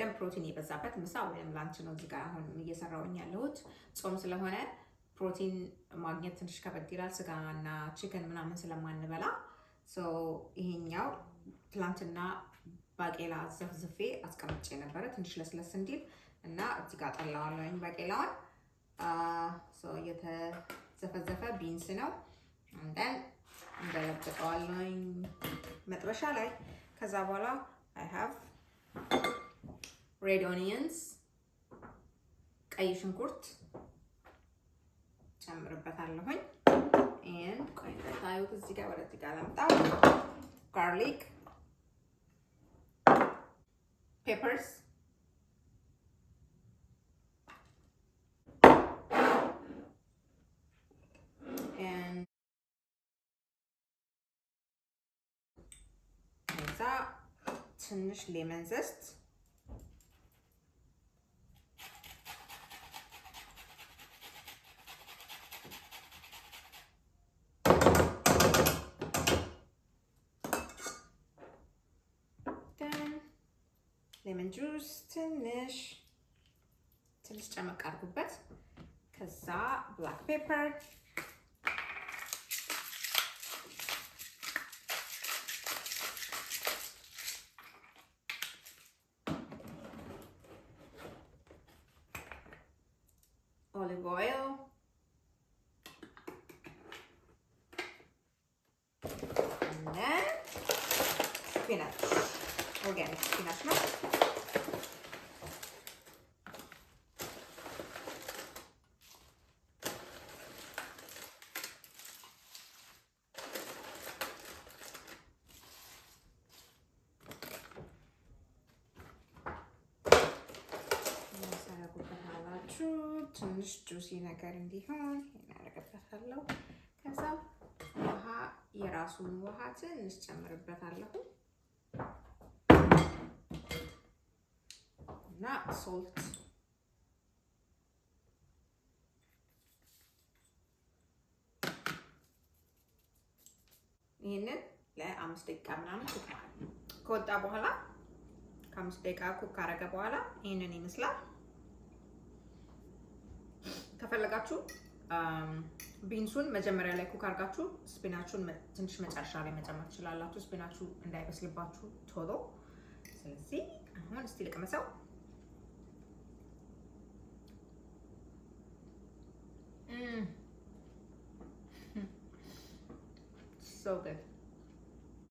በደንብ ፕሮቲን የበዛበት ምሳ ወይም ላንች ነው እዚጋ አሁን እየሰራውኝ ያለሁት ጾም ስለሆነ ፕሮቲን ማግኘት ትንሽ ከበድ ይላል። ስጋ እና ቺክን ምናምን ስለማንበላ ይሄኛው ትላንትና ባቄላ ዘፍዝፌ አስቀምጬ ነበረ ትንሽ ለስለስ እንዲል እና እዚጋ ጠላዋለኝ ባቄላዋን የተዘፈዘፈ ቢንስ ነው እንደን እንደለብጠዋለኝ መጥበሻ ላይ ከዛ በኋላ አይ ሃቭ ሬድ ኦኒየንስ ቀይ ሽንኩርት ጨምርበታለሁኝ። ኤንድ ቆይ ታዩት እዚህ ጋር ወደዚህ ጋር ለምጣው ጋርሊክ ፔፐርስ ትንሽ ሌመን ዘስት lemon juice, tinish, tinish chamakarbubet, kaza, black pepper. olive oil and then spinach organic spinach mix ትንሽ ጁሲ ነገር እንዲሆን እናደርግበታለሁ። ከዛ ውሃ የራሱን ውሃ ትንሽ ጨምርበታለሁ እና ሶልት ይህንን ለአምስት ደቂቃ ምናምን ኩክ ከወጣ በኋላ ከአምስት ደቂቃ ኩክ ካረገ በኋላ ይህንን ይመስላል። ከፈለጋችሁ ቢንሱን መጀመሪያ ላይ ኩክ አድርጋችሁ ስፒናቹን ትንሽ መጨረሻ ላይ መጨመር ትችላላችሁ፣ ስፒናቹ እንዳይበስልባችሁ ቶሎ። ስለዚህ አሁን እስቲ ልቅመሰው። ሶ ጉድ